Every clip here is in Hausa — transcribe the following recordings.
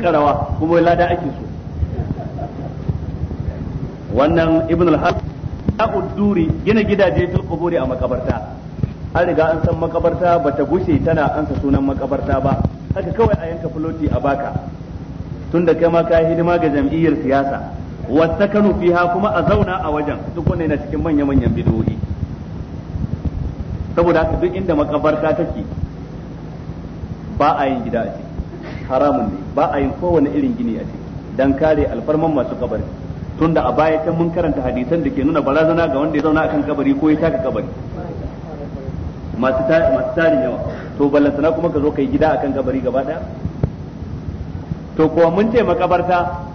karawa kuma wai lada ake so wannan ibn al-har uduri gina gidaje tun quburi a makabarta an riga an san makabarta bata gushe tana ansa sunan makabarta ba haka kawai a yanka filoti a baka tunda kai ma ka hidima ga jam'iyyar siyasa wasakanu fiha kuma a zauna a wajen duk wannan yana cikin manya manyan bidoyi saboda haka duk inda makabarta take ba a yin gida a ciki haramun ne ba a yin kowane irin gini a ciki dan kare alfarman masu kabari tunda a baya can mun karanta hadisan da ke nuna barazana ga wanda ya zauna akan kabari ko ya taka kabari masu tarin yawa to ballantana kuma ka zo ka yi gida akan kabari gaba daya to kuwa mun ce makabarta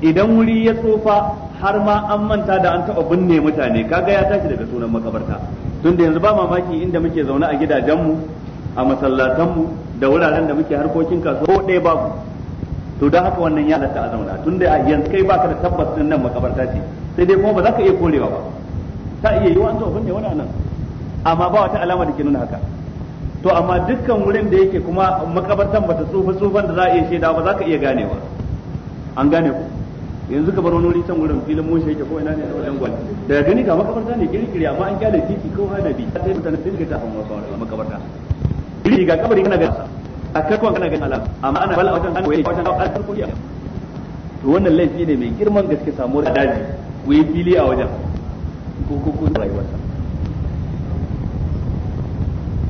idan wuri ya tsufa har ma an manta da an taɓa binne mutane kaga ya tashi daga sunan makabarta tunda yanzu ba mamaki inda muke zaune a gidajenmu a masallatanmu da wuraren da muke harkokin kasuwa ko ɗaya babu to don haka wannan ya lalata a zauna tun da yanzu kai baka da tabbas din nan makabarta ce sai dai kuma ba za ka iya korewa ba ta iya yi wani tsohon ne wani nan amma ba wata alama da ke nuna haka to amma dukkan wurin da yake kuma makabartan bata tsufa tsufan da za a iya shaida ba za ka iya ganewa an gane ku yanzu ka bar wani wuri can wurin filin mun yake ko ina ne a wajen gwal daga gani ga makabarta ne kirkiri amma an kyale titi ko hanabi sai mutane sun ga ta hawa makabarta ga kabari kana gasa a kakwan kana ganin alama amma ana bala wajen hannu wajen an farko ya to wannan laifi ne mai girman gaske samuwar daji wai fili a wajen ko da rayuwarsa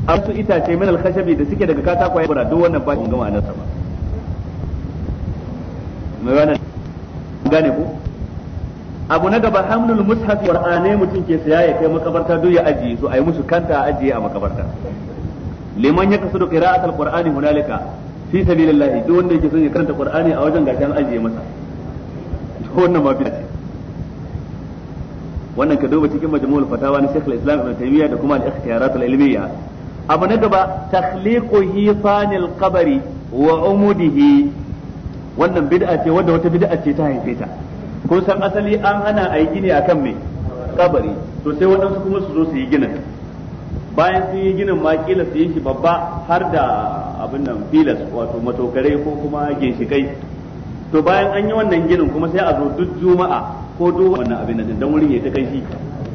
an su itace min alkhashabi da suke daga katako ya duk wannan ba shi gama nasa ba mai wannan gane ku? abu na gaba hamlul mushaf qur'ane mutum ke saya ya kai makabarta duk ya ajiye su ayi musu kanta a ajiye a makabarta liman ya kasu da qira'atul qur'ani hunalika fi sabilillah duk wanda yake son ya karanta qur'ani a wajen gashi an ajiye masa wannan ma bid'a wannan ka duba cikin majmu'ul fatawa na Sheikh al-Islam Ibn Taymiyyah da kuma al-ikhtiyarat al-ilmiyya abu na gaba takhliqu hifanil qabri wa umudihi wannan bid'a ce wanda wata bid'a ce ta haife ta kun san asali an hana a yi gini akan me. kabari to sai waɗansu kuma su zo su yi ginin bayan sun yi ginin ma kila su yi shi babba har da abin nan filas wato matokare ko kuma ginshikai to bayan an yi wannan ginin kuma sai a zo duk juma'a ko duk wannan abin nan dan wurin ya ta kanshi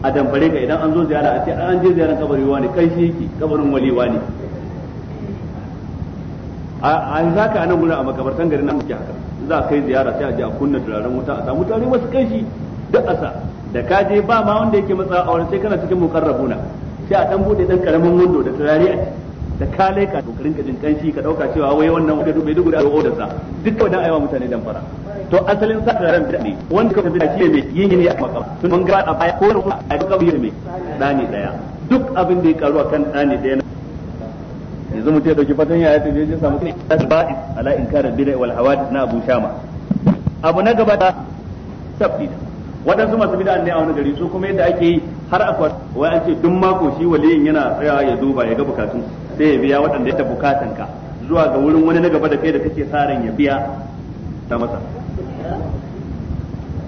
a damfare ka idan an zo ziyara a ce an je ziyaran kabari wani kanshi yake kabarin wali wani. a za ka anan gurin a makabartan garin nan muke haka za a kai ziyara sai a je a kunna turaren wuta a samu tare masu kanshi duk asa da ka je ba ma wanda yake matsa a wani sai kana cikin mukarrabuna sai a dan bude dan karamin wando da turare a ciki da ka leka to ka jin kanshi ka dauka cewa wai wannan wanda bai dugu da awo da sa duk kawai dan aiwa mutane dan fara to asalin sa da ran ne wanda ka bid'a shi mai yin ne a makam sun mun ga a baya ko ruwa a duka biyar mai dani daya duk abin da ya karu a kan dani daya yanzu mutum ya dauki fatan ya tafi je samu kai ba'is ala inkarar bid'a wal hawadith na Abu Shama abu na gaba da sabbi waɗansu masu bid'a ne a wani gari su kuma yadda ake yi har a wai an ce duk mako shi waliyin yana tsayawa ya duba ya ga bukatun sai ya biya waɗanda ya ta bukatan ka zuwa ga wurin wani na gaba da kai da kake sa ran ya biya ta masa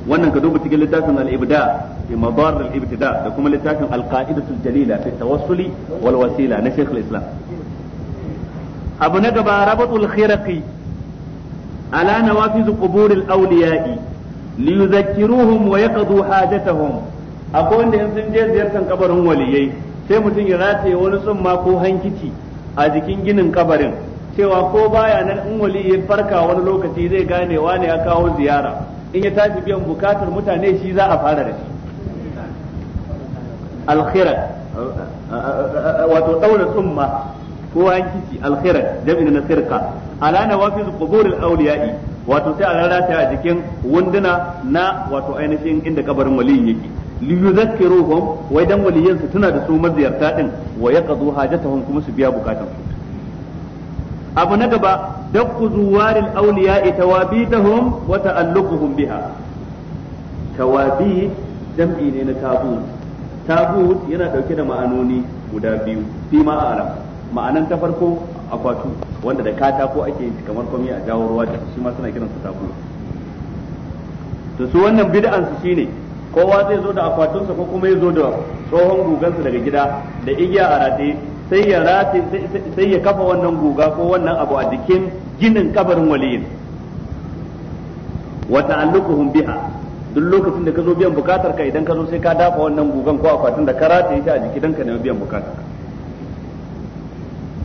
wannan ka duba cikin littafin al-ibda bi madar al-ibtida da kuma littafin al-qa'idatul jalila fi tawassuli wal wasila na Sheikh islam abu na gaba rabatul khiraqi ala nawafiz qubur al-awliya'i liyuzakkiruhum wa yaqdu hajatahum akwai wanda in sun je ziyartar kabarin waliyai sai mutum ya rataye wani tsumma ko hankici a jikin ginin kabarin cewa ko baya nan in wali ya farka wani lokaci zai gane wane ya kawo ziyara in ya tashi biyan bukatar mutane shi za a fara da shi alkhirat wato daura tsumma ko hankici alkhirat jami'in na sirka ala nawafiz qubur al-awliya'i wato sai a rarrata a jikin wunduna na wato ainihin inda kabarin waliyin yake li yuzakkiruhum wai dan waliyin su tuna da su maziyarta din wa yaqdu hajatahum kuma su biya bukatun su abu na gaba dakku zuwaril awliya tawabitahum wa ta'alluquhum biha tawabi jam'i ne na tabu tabu yana dauke da ma'anoni guda biyu fi ma'ana ma'anan ta farko akwatu wanda da katako ake yin kamar komai a jawo ruwa da shi ma suna kiran su taku to su wannan bid'an su shine kowa zai zo da sa ko kuma ya zo da tsohon gugansa daga gida da igiya a rataye sai ya rataye sai ya kafa wannan guga ko wannan abu a jikin ginin kabarin waliyin wa ta'alluquhum biha duk lokacin da ka zo biyan bukatar ka idan ka zo sai ka dafa wannan gugan ko akwatin da ka rataye shi a jiki danka ka biyan bukatar ka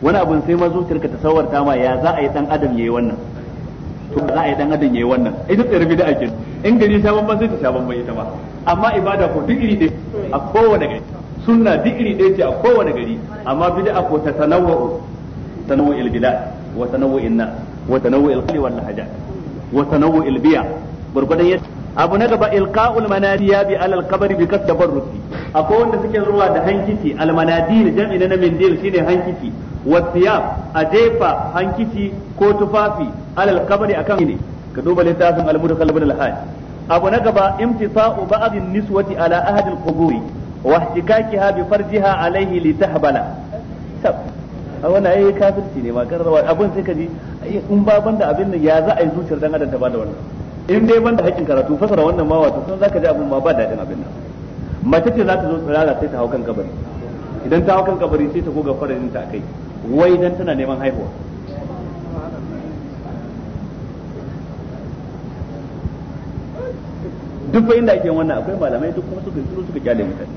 wani abun sai ma zuciyarka ta sawarta ma ya za a yi dan adam yayi wannan to za a yi dan adam yayi wannan ita tsayar da ake in gari ta ban sai ta sha ban bai ta ba amma ibada ko duk iri dai a kowane gari sunna duk iri dai ce a kowane gari amma bid'a ko ta tanawwu tanawwu il bilad wa tanawwu in nas wa tanawwu il qali wal lahajat wa tanawwu il biya gurgudan yadda abu na gaba ilqa'ul manadiya bi alal qabri bi kasbar tabarruki akwai wanda suke zuwa da hankici al da jami'ina na dil shine hankiti wasiyab a jefa hankici ko tufafi alal kabari akan ne ka duba littafin al-mudkhal ibn al abu na gaba imtisa'u ba'd niswati ala ahad al-quburi wa ihtikakiha bi farjiha alayhi litahbala a wannan ai ne ma karrawa abin sai ka ji in ba banda abin ya za a yi zuciyar dan adam ta bada wannan in dai banda hakkin karatu fasara wannan ma wato sun zaka abin ba abin mace ce za ta zo tsirara sai ta hau kan kabari idan ta kan kabari sai ta goga farin ta kai wai dan tana neman haihuwa duk fa inda ake wannan akwai malamai duk kuma suka tsiro suka kyale mutane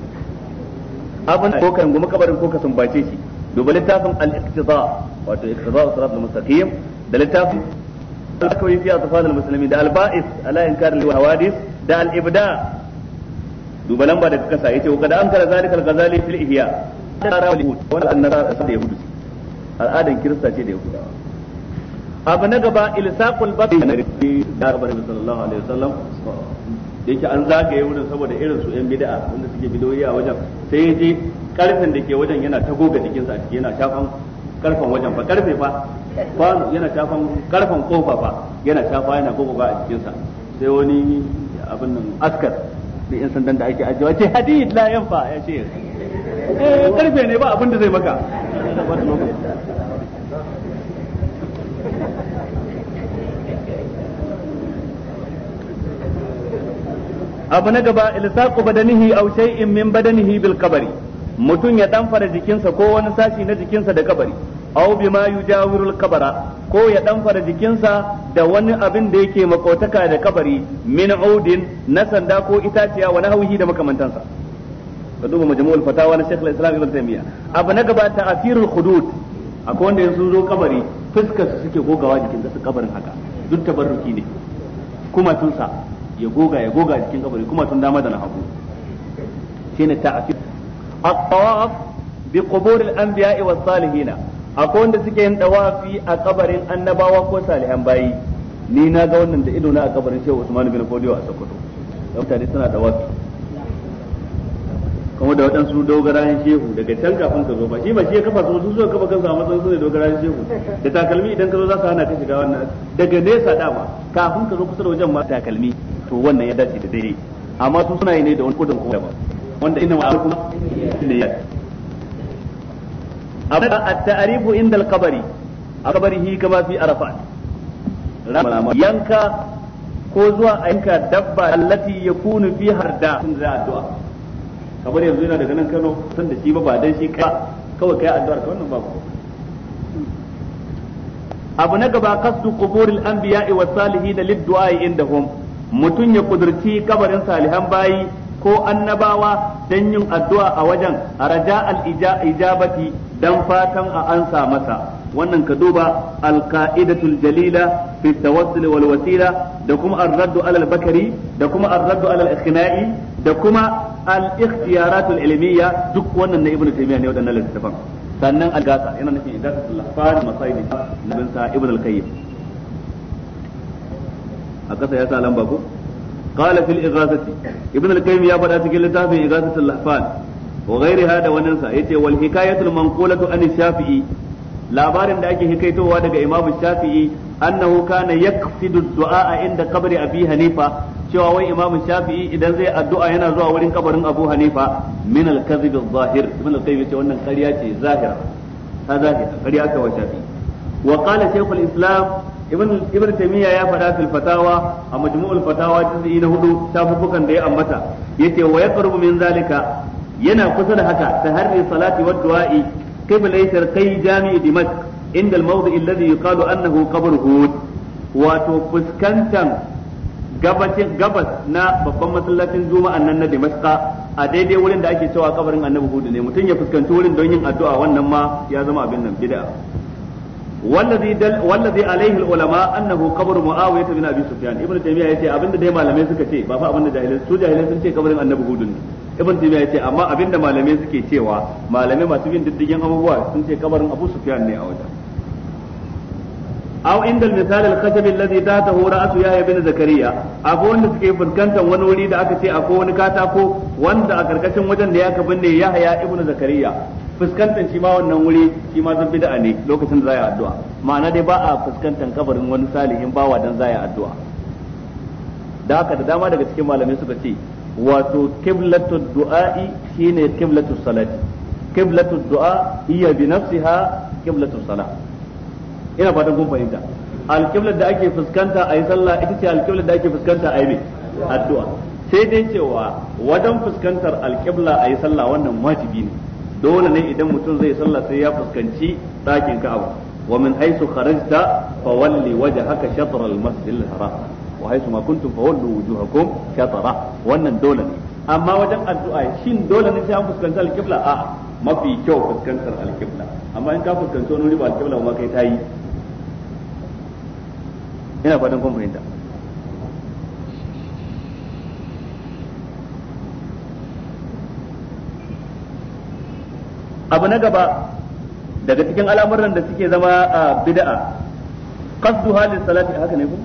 abin ko kan goma kabarin ko ka sumbace shi duba tafin al-iqtida wato iqtida sirat al-mustaqim da tafin al-kawi fi atfal al-muslimin da al-ba'is ala inkar al-hawadith da al-ibda' duba lamba da kasa yace wa kada an kara zalikal ghazali fil ihya wal annara da yahudu al'adan kirista ce da yahudawa abu na gaba ilsaqul babi na da rabbi sallallahu alaihi wasallam yake an zagaye wurin saboda irin su yan bid'a wanda suke bidoyi a wajen sai yaje karfin da ke wajen yana ta goga jikinsa yana shafan karfan wajen fa karfe fa kwano yana shafan karfan kofa fa yana shafa yana gogoga a jikinsa sai wani abin nan askar da yan sandan da ake ajiyewa ce hadid la yanfa ya ce eh karfe ne ba abin da zai maka abu na gaba ilsaqu badanihi aw shay'in min badanihi bil qabri mutum ya danfara jikinsa ko wani sashi na jikinsa da kabari aw bima yujawiru al qabra ko ya ɗanfara jikinsa da wani abin da yake makotaka da kabari min audin na sanda ko itaciya wani hauhi da makamantansa ka duba majmu'ul fatawa na Sheikh Islam Ibn Taymiyyah abu na gaba ta hudud akwai wanda yanzu zo kabari fuskar su suke gogawa jikin su kabarin haka duk tabarruki ne kuma sa ya goga ya goga jikin kabari kuma tun dama da na hagu shine ta'asir at-tawaf bi qubur al-anbiya'i was-salihin akwai wanda suke yin dawafi a kabarin annabawa ko salihan bayi ni na ga wannan da ido na a kabarin shehu usman bin kodiyo a sokoto da mutane suna dawafi kuma da waɗansu dogarayen shehu daga can kafin ka zo ba shi ba shi ya kafa su su kafa kansu a matsayin su ne dogarayen shehu da takalmi idan ka zo za ka hana ka shiga wannan daga nesa dama kafin ka zo kusa da wajen ma takalmi to wannan ya dace da daidai amma su suna yi ne da wani kudin kuma wanda ina ma'a kuma ne ya at-ta'rifu inda al-qabri kama fi arafat yanka ko zuwa a yanka dabba allati yakunu fi harda sun za addu'a kamar yanzu yana daga nan Kano san da shi ba ba dan shi ka kawai kai addu'ar ka wannan babu abu na gaba qasdu quburil anbiya'i was salihin lid-du'a indahum mutun ya kudurci kabarin salihan bayi ko annabawa dan yin addu'a a wajen a raja al-ijabati dan fatan a ansa masa wannan ka duba al-qa'idatul jalila fi tawassul wal wasila da kuma ar-raddu ala bakari da kuma ar-raddu ala ikhnai da kuma al-ikhtiyaratul ilmiyya duk wannan na ibnu taymiya ne wadannan littafan sannan al-gasa yana nufin idatul lahfar masaidi nabin sa ibnu al-qayyim a kasa ya sa lamba ko qala fil ighasati ibn al-qayyim ya faɗa cikin littafin ighasatul lahfan wa ghairiha da wannan sa yace wal hikayatul manqulatu an shafi'i labarin da ake hikaitowa daga imamu shafi'i annahu kana yaqsidu du'a inda kabari abi hanifa cewa wai imamu shafi'i idan zai addu'a yana zuwa wurin kabarin abu hanifa min al-kadhib ibn al-qayyim yace wannan ƙarya ce zahira zahira islam ibn taymiya ya faɗa fil fatawa a majmu'ul fatawa juz'i na hudu tafukan da ya ambata yace wa yaqrubu min zalika yana kusa da haka taharri salati wa du'a'i qibla sharqi jami'i dimask inda al-mawdi alladhi yuqalu annahu qabr hud wato fuskantan gabas na babban masallacin juma'a nan na dimashqa a daidai wurin da ake cewa kabarin annabi hud ne mutum ya fuskanci wurin don yin addu'a wannan ma ya zama abin nan bid'a wallazi dal wallazi alaihi ulama annahu qabr muawiya bin abi sufyan Ibn taymiya yace abinda dai malamai suka ce ba fa abinda jahilai su jahilai sun ce kabarin annabi hudun ne Ibn taymiya yace amma abinda malamai suke cewa malamai masu yin diddigin abubuwa sun ce kabarin abu sufyan ne a wajen aw inda misal al-khashab alladhi tahtahu ra'su yahya bin zakariya abu wanda suke fuskantar wani wuri da aka ce akwai wani katako wanda a karkashin wajen da ya ka binne yahya ibn zakariya fuskantar shi ma wannan wuri shi ma zan bid'a ne lokacin da za yi addu'a ma'ana dai ba a fuskantar kabarin wani salihin bawa dan yi addu'a da haka da dama daga cikin malamai suka ce wato kiblatu du'a'i shine kiblatu salati kiblatu du'a hiya bi nafsiha kiblatu salat ina fatan kun fahimta alkiblar da ake fuskanta a yi sallah ita ce alkiblar da ake fuskanta yi mai addu'a sai dai cewa wajen fuskantar a yi sallah wannan wajibi ne dole ne idan mutum zai sallah sai ya fuskanci ɗakin Ka'aba wa min haythu kharajta fawalli wajhaka shatr al-masjid al-haram wa haythu ma kuntum fawallu wujuhakum shatra wannan dole ne amma wajen addu'a shin dole ne sai an fuskanci al-qibla a mafi kyau fuskantar al-qibla amma in ka fuskanci wani riba al-qibla ma kai tayi ina fatan kun fahimta abu na gaba daga cikin al'amuran da suke zama a bid'a qasdu halis salati haka ne ku?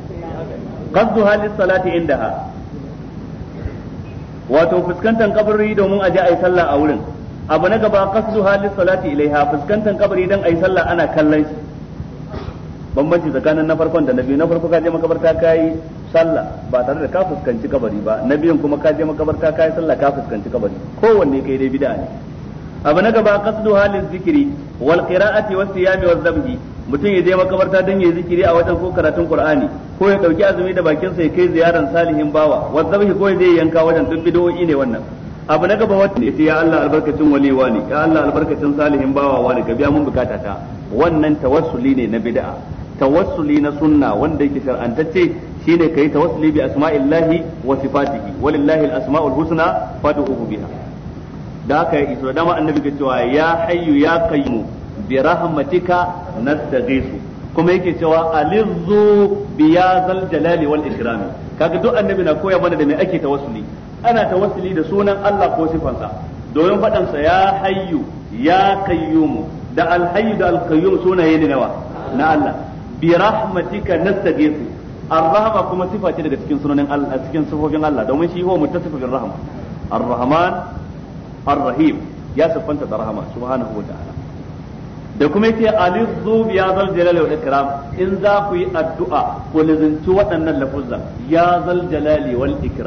qasdu halis salati indaha wato fuskantar kabari domin a je a yi sallah a wurin abu na gaba qasdu halis salati ilaiha fuskantar kabari dan a yi sallah ana kallon shi bambanci tsakanin na farkon da na biyu na farko ka je makabarta ka yi sallah ba tare da ka fuskanci kabari ba na biyun kuma ka je makabarta ka yi sallah ka fuskanci kabari kowanne kai dai bid'a ne abu na gaba qasdu halin zikiri wal qira'ati was siyami waz zabhi mutum ya je makabarta don ya zikiri a wajen ko karatun qur'ani ko ya dauki azumi da bakin sa ya kai ziyaran salihin bawa wasu zabhi ko ya je yanka wajen duk bid'o'i ne wannan abu na gaba wata ne ya Allah albarkacin wali wani ya Allah albarkacin salihin bawa wani ka biya mun bukata ta wannan tawassuli ne na bid'a tawassuli na sunna wanda yake shar'antacce shine kai tawassuli bi asma'illahi wa sifatihi walillahi al-asma'ul husna fad'uhu biha da haka ya iso dama annabi ke cewa ya hayyu ya qayyum bi rahmatika nastaghisu kuma yake cewa alizzu bi ya jalali wal ikram kaga duk annabi na koya mana da me ake tawassuli ana tawassuli da sunan Allah ko sifansa domin fadan sa ya hayyu ya qayyum da al hayyu da al qayyum sunaye ne nawa na Allah bi rahmatika nastaghisu ar-rahma kuma sifa ce daga cikin sunanin Allah cikin sifofin Allah domin shi huwa muttasifu bir rahma ar-rahman ar-rahim ya siffanta da rahama subhanahu da kuma yace alizzu bi zal jalali wal ikram in za ku yi addu'a ku lizinci waɗannan lafuzza ya zal jalali wal ikram